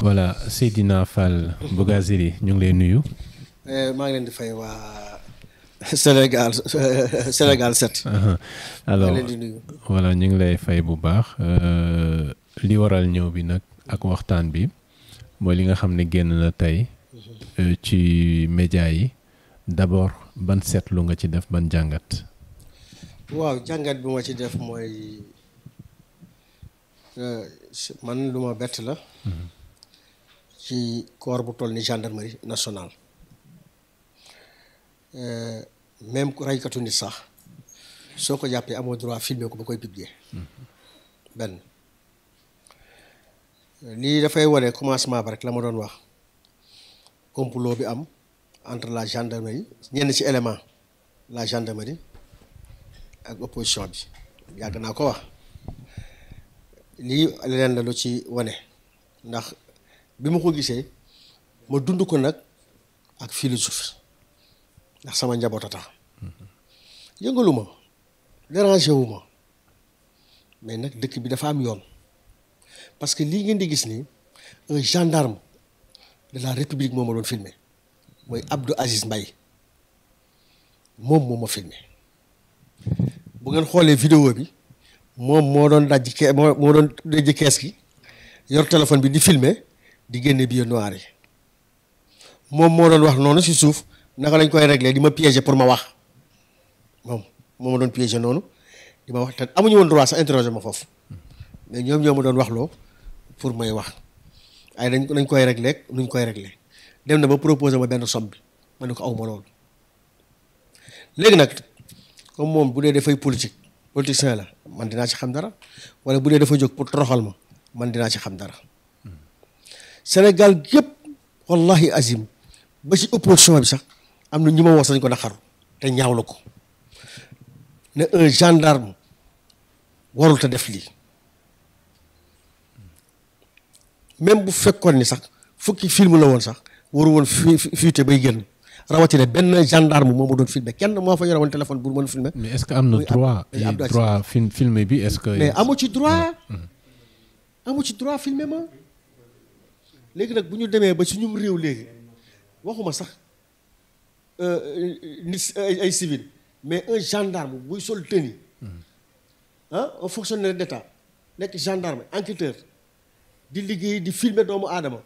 voilà Seydina Fall Bougazelli ñu ngi lay nuyu. Eh, maa ngi leen di fay waa Sénégal euh, Sénégal 7. alors voilà ñu ngi lay fay bu baax euh, li waral ñëw bi nag ak waxtaan bi mooy li nga xam ne génn la tey mhm. euh, ci média yi d'abord ban seetlu nga ci def ban jàngat. waaw jàngat bi ma ci def mooy man lu ma bett la. Mhm. ci corps bu toll ni gendarmerie nationale euh, même raykatu nit sax soo ko jàppee amoo droit filmer ko ba koy publier benn lii dafay wane commencement ba rek la ma doon wax complot bi am entre la gendarmerie ñenn ci élément la gendarmerie ak opposition bi yàgg naa ko wax lii leneen la lu ci wane ndax bi ma ko gisee ma dund ko nag ak philosophie ndax sama njaboot a tax yëngalu ma dérangé wu ma mais nag dëkk bi dafa am yoon parce que lii ngeen di gis nii un gendarme de république moo ma doon filmé mooy Abdou Aziz mbay moom moo ma filmé bu ngeen xoolee vidéo bi moom moo doon dajji kee moo doon dajji kees gi yor téléphone bi di filme di génne billet noir yi moom moo doon wax noonu si suuf ndax lañ koy réglé di ma piéger pour ma wax moom moo ma doon piéger noonu di ma wax te amuñu woon droit sa interroger ma foofu mais ñoom ñoo ma doon wax loo pour may wax ay dañ ko dañ koy réglé nuñ koy réglé dem na ba proposé ma benn somme bi ma ne ko aw ma loolu léegi nag comme moom bu dee dafay politique politicien la man dinaa ci xam dara wala bu dee dafa jóg pour toroxal ma man dinaa ci xam dara Sénégal gépp wallahi azim ba si opposition bi sax am na ñu ma wax sañ ko naqaru te ñaaw la ko ne un gendarme warul te def lii même bu fekkoon ni sax fukki film la woon sax waru woon fi fiite bay génn rawatina benn gendarme moo ma doon filmé kenn moo fa yore woon téléphone bu mën a filmé. mais est-ce que am na droit droit film filmé bi est-ce que. mais amu ci droit hmm. amu léegi nag bu ñu demee ba suñu réew léegi waxuma sax euh, euh, nit ay civil mais un gendarme buy sol tenue ah un fonctionnaire d'État nekk gendarme enquêteur di liggéey di filmer doomu aadama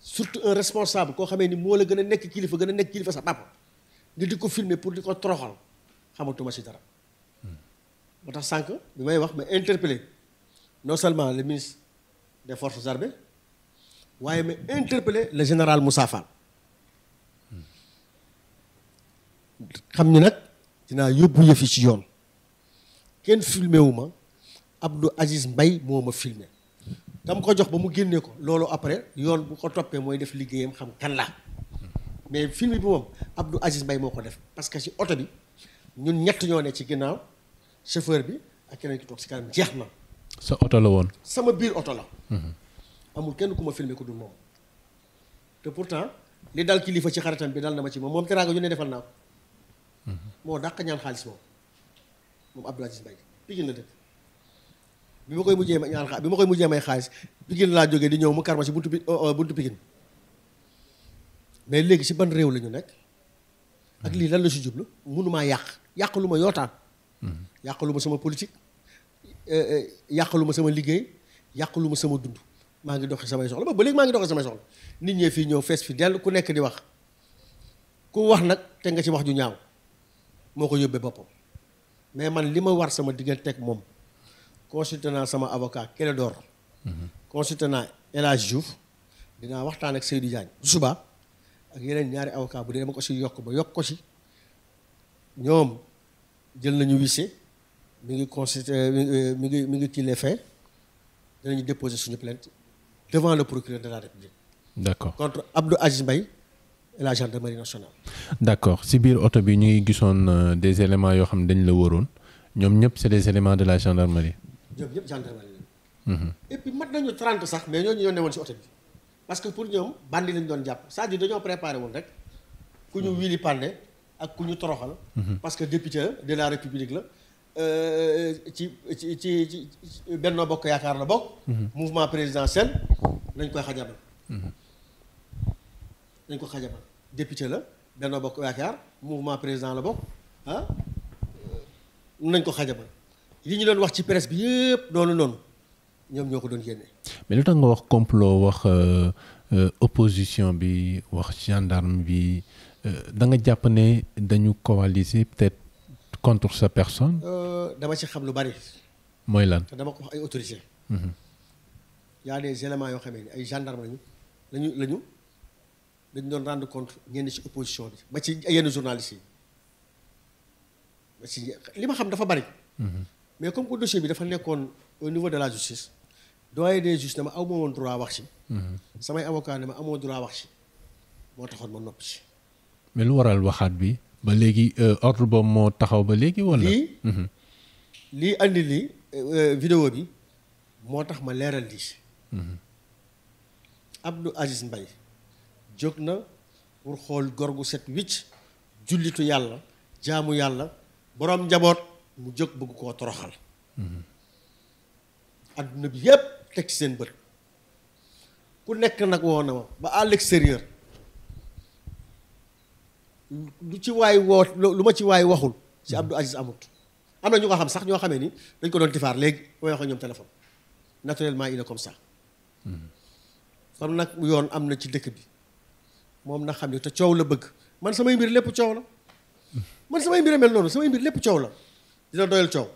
surtout un responsable koo xamee ni moo la gën a nekk kilifa gën a nekk kilifa sa papa nga di ko filmer pour di ko toroxal xamatuma si dara hmm. moo tax sànq bi may wax ma interpellé non seulement le ministre des forces armées waaye ma interpellé le général Moussa Fall xam ni nag dinaa yóbbu yëfi ci yoon kenn filmé wu ma Abdou Aziz Mbaye moo ma filmé dama ko jox ba mu génnee ko loolu après yoon bu ko toppee mooy def liggéeyam xam kan la mais film bi moom Abdou Aziz mbay moo ko def parce que si oto bi ñun ñett ñoo ne ci ginnaaw chauffeur bi ak kanam jeex na. sa oto la woon. sama biir oto la. Mhm. amul kenn ku ma filmé ku dul moom te pourtant li dal kilifa ci xaritam bi dal na ma ci moom moom teraanga ñu ne defal naa ko moo dàq ñaan xaalis moom moom Abdoul Aziz Mbaye Pikine la dëkk bi ma koy mujjee ma bi ma koy mujjee may xaalis Pikine laa jóge di ñëw mu kar ma ci buntu bi euh, euh, buntu Pikine mais léegi si ban réew lañu nekk ak lii lan la ci jublu mënumaa yàq yàqalu ma yootaan mm-hmm. yàqalu ma sama politique euh, yàqalu ma sama liggéey yàqalu ma sama dund maa ngi dox samay soxla ba ba léegi maa ngi doxi samay soxla nit ñee fii ñëw fees fi dell ku nekk di wax ku wax nag te nga ci wax ju ñaaw moo ko yóbbee boppam mais man li ma war sama diggante ak moom consulté naa sama avocat Kéledor consulté naa El Hadj Diouf dinaa waxtaan ak Seydou Diagne suba ak yeneen ñaari avocat bu dee dama ko si yokk ba yokk ko si ñoom jël nañu huissier mu ngi consulté mi ngi mi ngi kii les faits ñu déposer suñu plainte devant le procureur de la République. d'accord contre Abdou Aziz Mbaye la gendarmerie nationale. d'accord si biir oto bi ñu ngi gisoon euh, des éléments yoo xam ne dañu la wóoroon ñoom ñëpp c'est des éléments de la gendarmerie. ñoom ñëpp gendarmerie la. Mhm. et puis mat nañu 30 sax mais ñooñu ñoo newoon si oto bi parce que pour ñoom bandi lañ doon jàpp c'est-à-dire dañoo préparé woon rek ku ñu mhm. wili pande ak ku ñu toroxal. Mhm. parce que député de la République la. ci ci ci ci Bokk Yaakaar la bokk. Mhm. mouvement présidentiel nañ koy xajabal. nañ mhm. ko xajabal député la Benno Bokk Yaakaar mouvement président la bokk ah nañ ko xajabal li ñu doon wax ci presse bi yëpp noonu noonu ñoom ñoo ko doon génne. mais lu tax nga wax complot wax euh, euh, opposition bi wax gendarme bi euh, danga jàpp ne dañu coaliser peut contre sa personne. dama ci xam lu bari. mooy lan te dama ko ay autorité mhm. y a des éléments yoo xam ne ay gendarme lañu lañu lañu dañ doon rendre compte ñenn ci opposition bi ba ci yenn journalistes yi li ma xam dafa bari. Mhm. mais comme que dossier bi dafa nekkoon au niveau de la justice doyen des juges dama aw ma woon droit wax ci. Mhm. samay avocat dama amoo droit wax ci moo taxoon ma nopp ci. mais lu waral waxaat bi ba léegi euh, ordre boobu moo taxaw ba léegi wala. lii andi lii euh, vidéo bi moo tax ma leeral lii mhm. Abdou Aziz Mbaye jóg na pour xool góor gu set wicc jullitu yàlla jaamu yàlla boroom njaboot mu jóg bëgg koo toroxal àdduna mhm. bi yépp teg ci seen bët ku nekk nag woo na ma ba à l'extérieur lu ci waay woo lu ma ci waay waxul ci mhm. Abdou Aziz amut am na ñu ko xam sax ñoo xamee ni dañ ko doon tifaar léegi booy wax ak ñoom téléphone naturellement il est comme ça. kon nag yoon am na ci dëkk bi moom na xam ne te coow la bëgg man samay mbir lépp coow la man samay mbir mel noonu samay mbir lépp coow la dina doyal coow.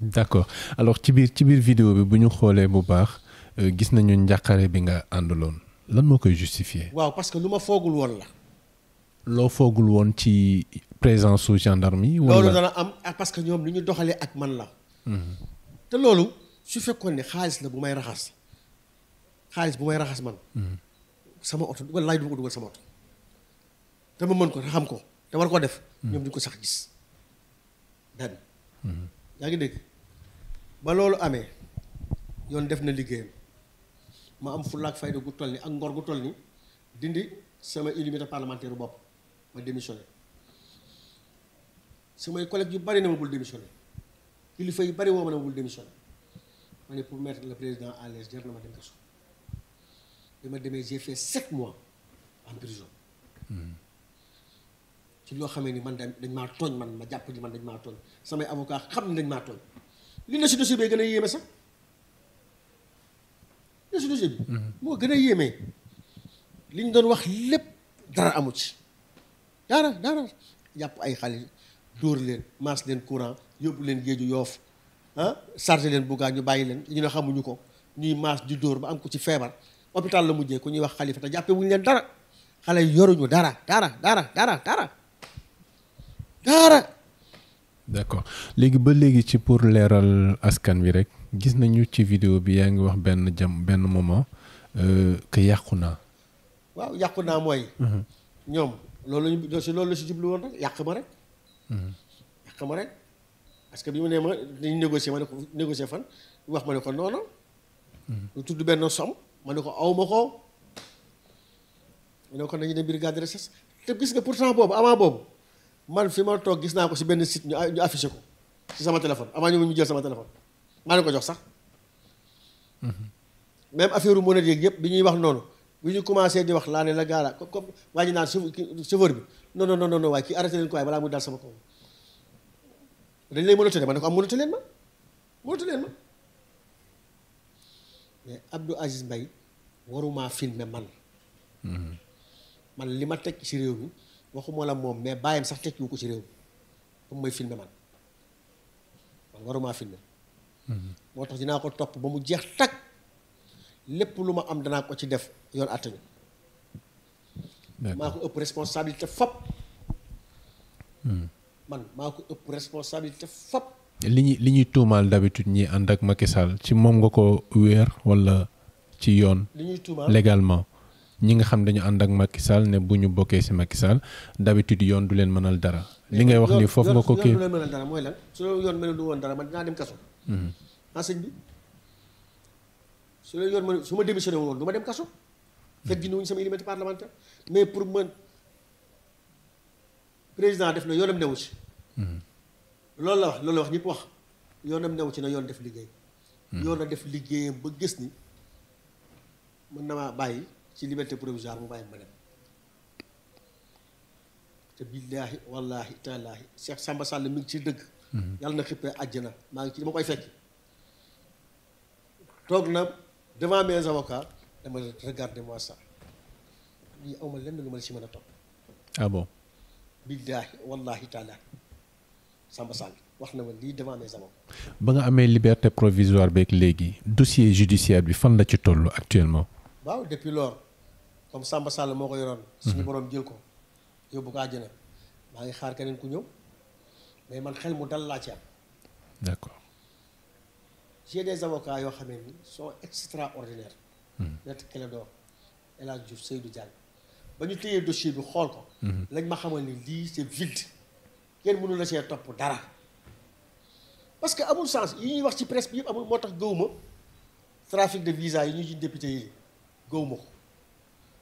d'accord alors ci biir ci biir vidéo bi bu ñu xoolee bu baax euh, gis nañu njàqare bi nga àndaloon lan moo koy justifier waaw parce que lu ma foogul woon la. loo foogul woon ci présence su gendarmerie. wala loolu dana am ah, parce que ñoom li ñu doxalee ak man la. Mm-hmm. te loolu su fekkoon ni xaalis la bu may raxas xaalis bu may raxas man. Mm-hmm. sama oto dugal laaj du ma ko dugal sama oto. te ma mën ko xam ko te war koo def. ñoom duñ ko sax gis daan. Mm-hmm. yaa ngi dégg ba loolu amee yoon def na liggéeyam ma am fulla ak fayda gu toll ni ak ngor gu toll ni dindi sama illimité parlementaire bopp ma démissionné. su may collègues yu bari na ma bul démissionné kilifa yu bari woo ma ne ma bul démissionné ma ne pour mettre la président à l'aise jar na ma dem kaso bi ma demee j'ai fait sept mois en prison ci loo xamee ni man dañ maa tooñ man ma jàpp ni man dañ maa tooñ samay avocat xam ne dañ maa tooñ li na si dossier bi a yéeme sax li na mm-hmm. moo gën a yéeme li ñu doon wax lépp dara amu ci dara dara jàpp ay xale dóor leen maas leen courant yóbbu leen géeju yoof ah chargé leen buggaa ñu bàyyi leen ñu ne xamuñu ko ñuy maas di dóor ba am ko ci feebar hôpital la mujjee ku ñuy wax xalifa te jàppe wuñu leen dara xale yoruñu dara dara dara dara dara dara d'accord léegi ba léegi ci pour leeral askan wi rek gis nañu ci vidéo bi yaa ngi wax benn jam benn moment euh, que yàqu naa waaw yàqu naa mooy mhm. ñoom loolu lañu si loolu la si jublu woon rek yàq ma rek xam nga rek parce que bi mu nee ma dañuy négocier ma ne ko négocier fan wax ma ne ko noonu. Mm-hmm. lu tudd benn somme ma ne ko aw ma ko. ne ko nañu dem brigade de recherche te gis nga pourtant boobu avant boobu man fi ma toog gis naa ko si benn site ñu ñu affiché ko si sama téléphone avant ñu ñu jël sama téléphone maa ngi ko jox sax. Mm-hmm. même affaire yu mën yëg yëpp bi ñuy wax noonu bi ñu commencé di wax laa ne la gaara comme waa ji naan chauffeur bi non non non non waaye kii arrêté leen ko waaye balaa muy dal sama kaw dañ lay mënatu ne ma ne ko am mënatu leen ma mais Abdou Aziz Mbaye waruma filmer man mhm. man li ma teg ci réew mi waxuma la moom mais bàyyi sax teg ko ci réew mi ba mu may filmer man man waruma filmer mhm. moo tax dinaa ko topp ba mu jeex tag lépp lu ma am danaa ko ci def yoon àttañu maa ko ëpp responsabilité fop hmm. man maa ko ëpp li ñu li ñuy tuumaal d'habitude ñi ànd ak Macky ci moom nga ko wéer walla ci yoon li ñuy tuumaal légalement ñi nga xam dañu ànd ak Macky Sall ne bu ñu bokkee ci Macky Sall d'habitude yoon du leen mënal dara li ngay wax ni foofu nga ko kii yoon du mooy lan su yoon mënal du woon dara man dinaa dem kaso hmm. ah, su leen yoon ma su ma démissionné woon du ma dem kaso fekk gindi wuñu sama immunité parlementaire mais pour man président def na yoonam newu ci mm-hmm. loolu la wax loolu la wax ñëpp wax yoonam newu ci na yoon def liggéey mm-hmm. yoon a def liggéeyam ba gis ni mën na maa bàyyi ci liberté provisoire mu bàyyi ma dem te billaahi wallaahi taalaahi Cheikh Samba Sall mu ngi ci dëgg mm-hmm. yàlla na xippee àjjana maa ngi ci dama koy fekk toog na devant mes avocats dama regardez-moi ça lii aw ma lenn lu ma la si mën a topp. ah bon. billaahi wallaahi taala Samba Sall wax na ma lii devant mes avocats. ba nga amee liberté provisoire beeg léegi dossier judiciaire bi fan la ci toll actuellement. waaw depuis lors comme Samba Sall moo ko yoroon. suñu mhm. borom jël ko yóbbu ko àjjana maa ngi xaar keneen ku ñëw mais man xel mu dal laa ci am. ci des avocats yoo xam ne ni sont extraordinaires. Maître hmm. Clédor El Hadj Diouf Seydou Diagne ba ñu téyee dossier bi xool ko. Hmm. lañ ma xamal ni lii c'est vide kenn mënu la see topp dara. parce que amul sens yi ñuy wax ci presque bi yëpp amul moo tax gëwuma trafic de visa yi ñu ci député yi gëwuma ko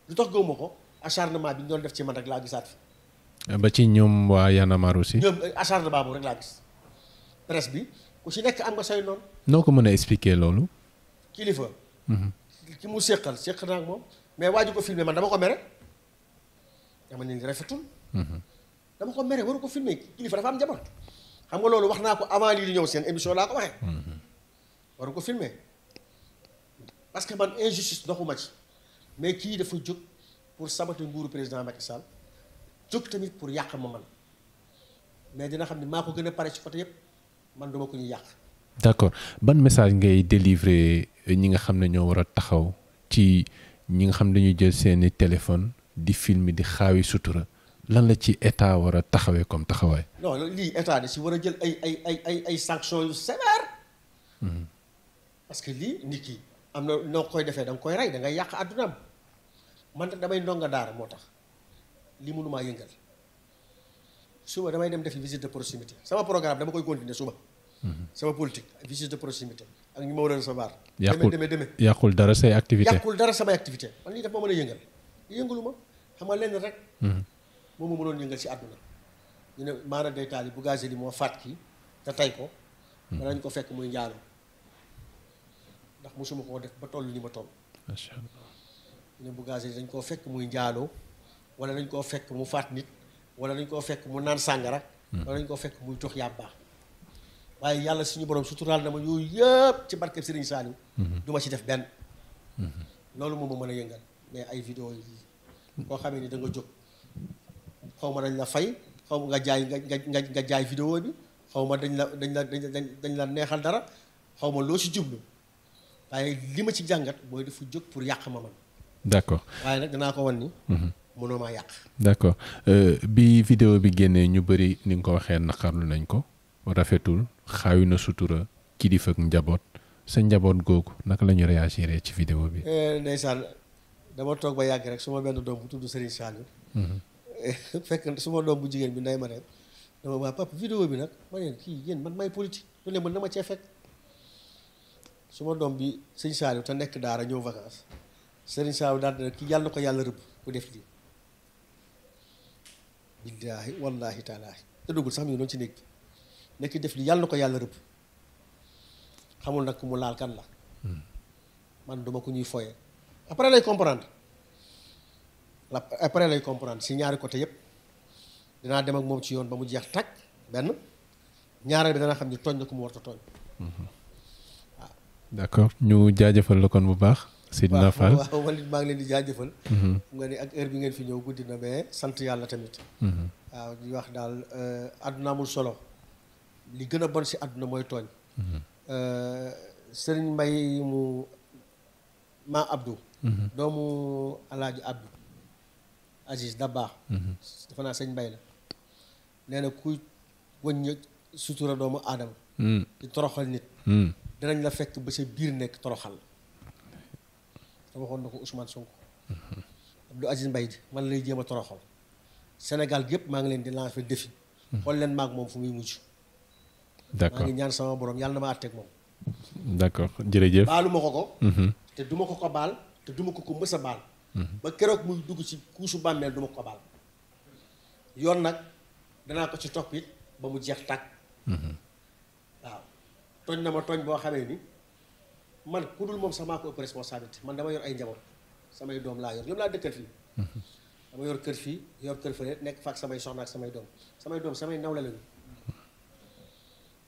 lu tax gëwuma ko acharnement bi ñu doon def ci man rek laa gisaat fi. ba ci ñoom waa Yann Amar aussi. ñoom acharnement boobu rek laa gis presse bi. ku si nekk am nga say noonu. noo ko mën a expliquer loolu. kilifa. Mhm. ki mu séqal séq naa ak moom mais waaju ko filmer man dama ko mere dama ne ni rafetul. Mhm. dama ko mere waru ko filmer kilifa dafa am jabar xam nga loolu wax naa ko avant lii di ñëw seen émission laa ko waxee. Mhm. waru ko filmer parce que man injustice doxuma ci mais kii dafa jóg pour saboter nguuru président Macky Sall jóg tamit pour yàq ma man mais dina xam ne maa ko gën a pare ci côté yëpp. man duma ko yàq. d' accord ban message ngay délivrer ñi nga xam ne ñoo war a taxaw ci ñi nga xam ne dañuy jël seeni téléphone di filmer di xaawi sutura lan la ci état war a taxawee comme taxawaay. non lii état da si war a jël ay ay ay ay ay yu sévères. Mhm. parce que lii nit ki am na noo koy defee da nga koy rey da yàq àddunaam man nag damay ndonga daara moo tax lii mënumaa yëngal suba damay dem def visite de proximité sama programme dama koy continuer suba. Mhm. sama politique visite de proximité ak ñu ma war a recevoir. yàqul demee demee yàqul dara say activité yàqul dara samay activité man lii dafa ma mën a yëngal yëngalu ma xam nga lenn rek. Mhm. moom ma mënoon yëngal si àdduna. ñu ne maanaam day taal bu gazé moo faat kii te tey ko. Mhm. danañ ko fekk muy njaalo ndax mosuma koo def ba toll ni ma toll. macha allah ñu ne dañ koo fekk muy njaalo wala dañ koo fekk mu faat nit wala dañ koo fekk mu naan sàngara. wala dañ koo fekk muy jox yàbbaa waaye yàlla suñu borom suturaal na ma yooyu yëpp ci barkeb Serigne Saliou. Mhm. du ma ci def benn. Mhm. loolu moom ma mën a yëngal mais ay vidéo yi koo xamee ni da nga jóg xaw ma dañ la fay xaw ma nga jaay nga nga nga jaay vidéo bi xaw ma dañ la dañ la dañ la neexal dara xaw ma loo ci jublu waaye li ma ci jàngat mooy dafa jóg pour yàq ma man. d'accord waaye nag danaa ko wan ni. Mhm. mënoo maa yàq. d'accord euh, bi vidéo bi génnee ñu bari ni nga ko waxee naqarlu nañ ko. rafetul xaawi na sutura kilifa njaboot sa njaboot googu naka la ñu réagir ci vidéo bi. Eh, ndeysaan dama toog ba yàgg rek suma benn doom bu tudd Serigne Saliou. Mhm. fekk suma doom bu jigéen bi nday ma ne dama bi nag ma ne kii yéen man may politique lu ne cee fekk. doom bi Serigne Saliou te nekk daara ñëw vacances Serigne Saliou daal dina kii yàlla na ko yàlla rëbb ku def lii. billaahi wallaahi taalaahi te sax mi ngi ci néeg bi. ne ki def li yàlla na ko yàlla rëbb xamul nag ku mu laal kan la hmm. man duma ko ñuy foye après lay comprendre la après lay comprendre si ñaari côté yëpp dinaa dem ak moom ci yoon ba mu jeex takk benn ñaareel bi dana xam ni tooñ na ku mu war a tooñ hmm. waaw ñu jaajëfal la kon bu baax si Fall waaw man it maa ngi leen di jaajëfal hmm. nga ni ak heure bi ngeen fi ñëw guddi na mais sant yàlla tamit waaw di wax daal euh, àdduna mu solo li gën a bon si àdduna mooy tooñ mhm. euh, sëriñ mbay mu ma abdou mhm. doomu alaaji abdou Aziz Dabba mhm. dafa naa sëñ mbay la nee na kuy wëññë sutura doomu aadama di toroxal nit dinañ la fekk ba sa biir nekk toroxal te waxoon na ko Ousmane Sonko Abdou Aziz Mbaye di man lay jéem a toroxal Sénégal yëpp maa ngi leen di lancer défi xool leen maag moom fu muy mujj d'accord maa ñaan sama borom yàlla na ma àtteeg moom. d'accord ma ko ko. Mhm. te duma ko ko te duma ko ko mës baal. Mhm. ba keroog muy dugg ci kuusu bàmmeel duma ko baal. yoon nag danaa ko ci topp ba mu jeex tàkk. Mhm. waaw tooñ na ma tooñ boo xamee ni man ku dul moom sax maa ko ëpp responsabilité man dama yor ay njaboot samay doom laa yor ñoom laa dëkkal fii. dama yor kër fii yor kër fële nekk fa ak samay soxna ak samay doom samay doom samay nawle lañu.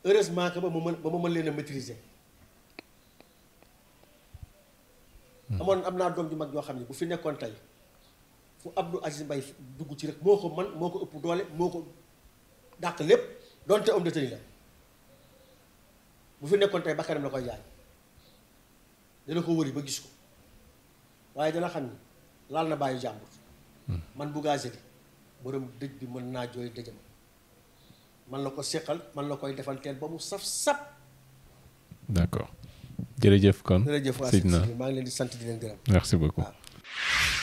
heureusement que ba ma mën ba ma mën leen a maîtriser. Hmm. amoon am naa doom ju mag yoo xam ne bu fi nekkoon tey fu Abdou Aziz Mbaye dugg ci rek moo ko man moo ko ëpp doole moo ko dàq lépp donte homme de tenue la bu fi nekkoon ba bakkanam la koy jaay dana ko wëri ba gis ko waaye dana xam ni laal na bàyyi jàmbur hmm. man bu gaasé bi borom dëj bi mën naa jooy dëjam man la ko seqal man la koy defanteel ba mu saf sap. d'accord jërëjëf kon. jërëjëf waaw maa ngi leen di sant di leen gërëm. merci beaucoup.